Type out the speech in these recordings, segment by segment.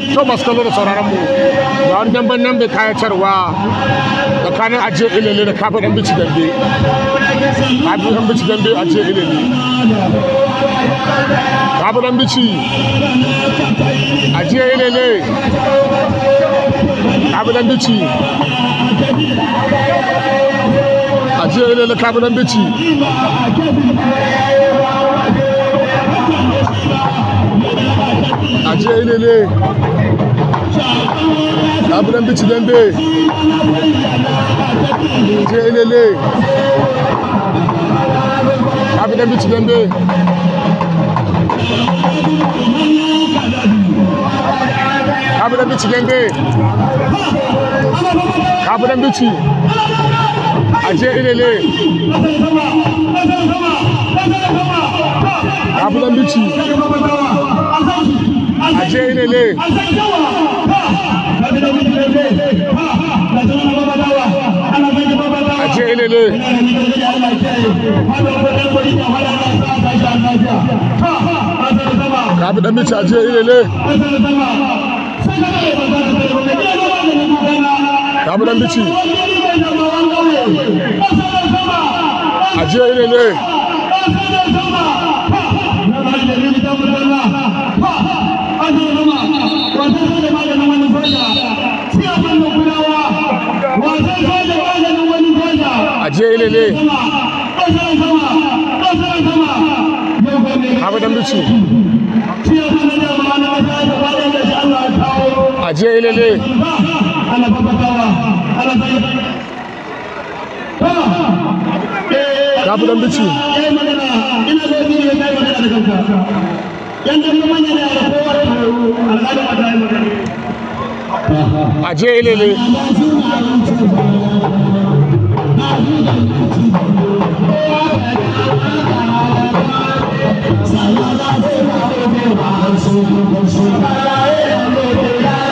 to masu kallo da sauraron mu ga wani damban nan bai kaya kayatarwa tsakanin ajiye ilili da kafin an bici dambe kafin an bici dambe ajiye ilili kafin an bici ajiye ilili kafin an bici ajiye ilili kafin an bici aje ilele abinan bici dambe aje ilele abinan bici dambe abinan bici dambe abinan bici aje ilele abinan bici aje ilele aje a kabi ilele kabi dan bici aje ilele Ajiye a ilele fi ilele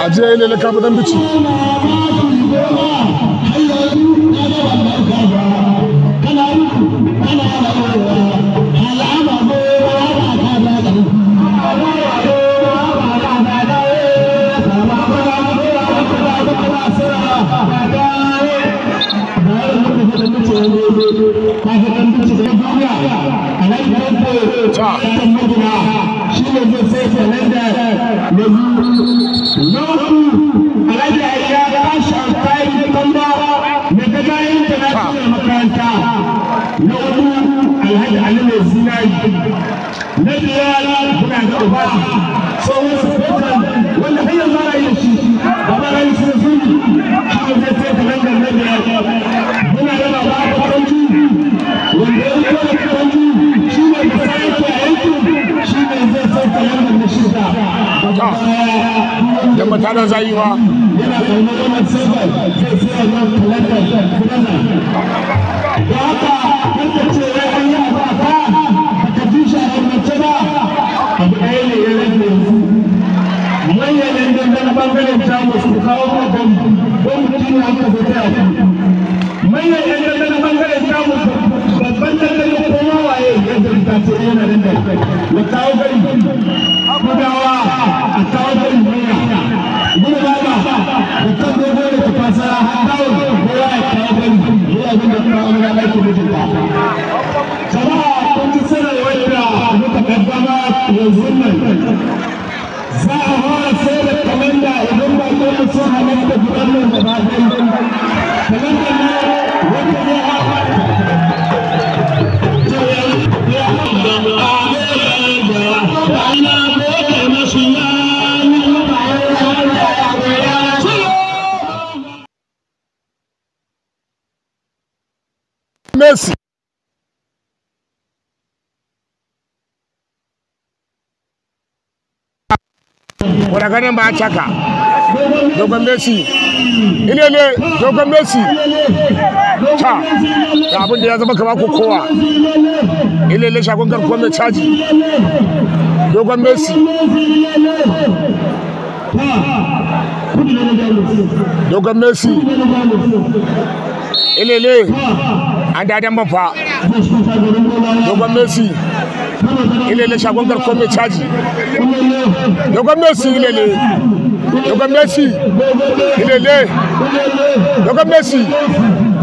Ajiye ne na kafa dan bici ƙasar madina shi ne zai sai sanar da yanzu na uku alhaji da na gaga international zinari na kuna da uba tsohon kaɗan zayi yana abu ɗaya ne ya rage yanzu manyan yan dandana ɓangaren jamus ku kawo kuma bambu bambu kini sai da kalanda idan a Messi wuragaren ba caka dogon messi ine ne dogon messi ta da abin da ya zama kama kowa ile ne shagon garkuwa mai caji dogon messi dogon messi ile ne an dadan mafa dogon messi ilele shagon garkon mai caji dogon messi ilele dogon messi ilele dogon messi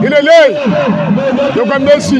ilele dogon messi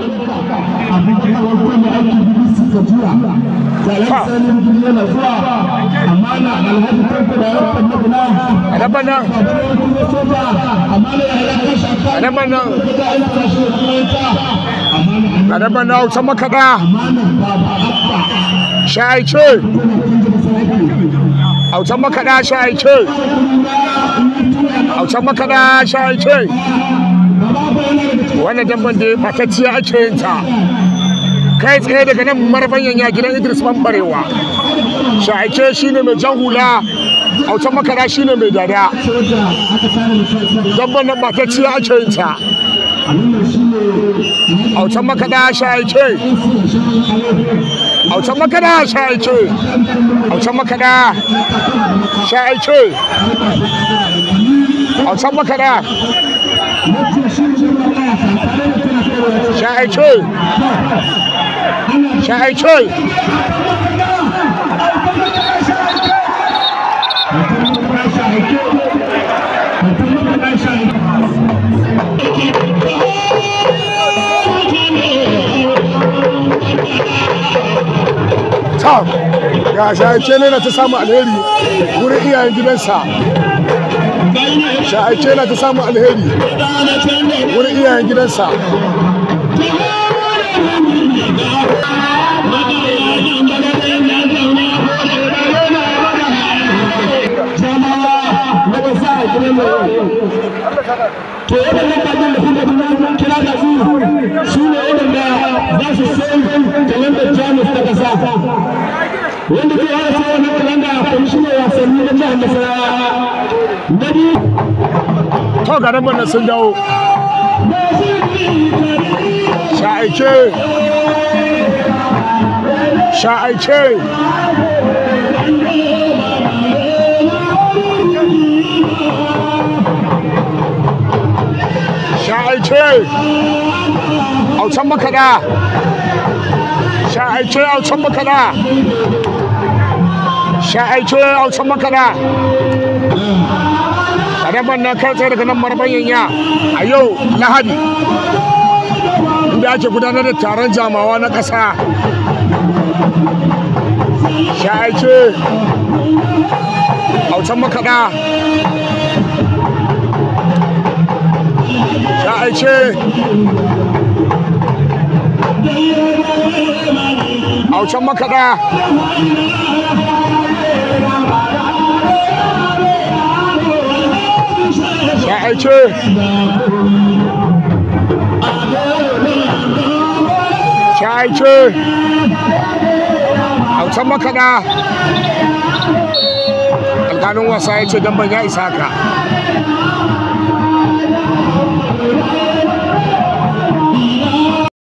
abin da kawai kuma aiki biyu su ka juya yana zuwa amma na alhaji da kan amma na ya halaka shaka da bana shi da kuma makaɗa shaice shaice wasan makara sha ce wannan damban da matacciya ake yin ta kai tsaye daga nan marbanyan ya gidan idris bambarewa sha'ake shine mai jan hula autan makara shine mai dada dabban nan matacciya ake yin ta autan makada sha'ake autan makada sha'ake autan makada sha'ake a san maka da sha'ai coy sha'ai ya ce ne ta samu alheri wurin iyayen gidansa sha'aice yana ta samun alheri wurin iyayen gidansa to yadda na kajin da kuma kira da su su ne wanda zai hana sai wani kalanda kwamishinan wasanni na jihar nasarawa na biyu to garin mana sun dawo sha'aice sha'aice sha'aice a can makaɗa A ya san maka da sha aicho maka na kai daga nan marban yanya a yau lahadi inda ake gudanar da taron jamawa na ƙasa sha sha haushen makaɗa ya aice ya aice alƙalin wasa ya ce don ban ya isa ka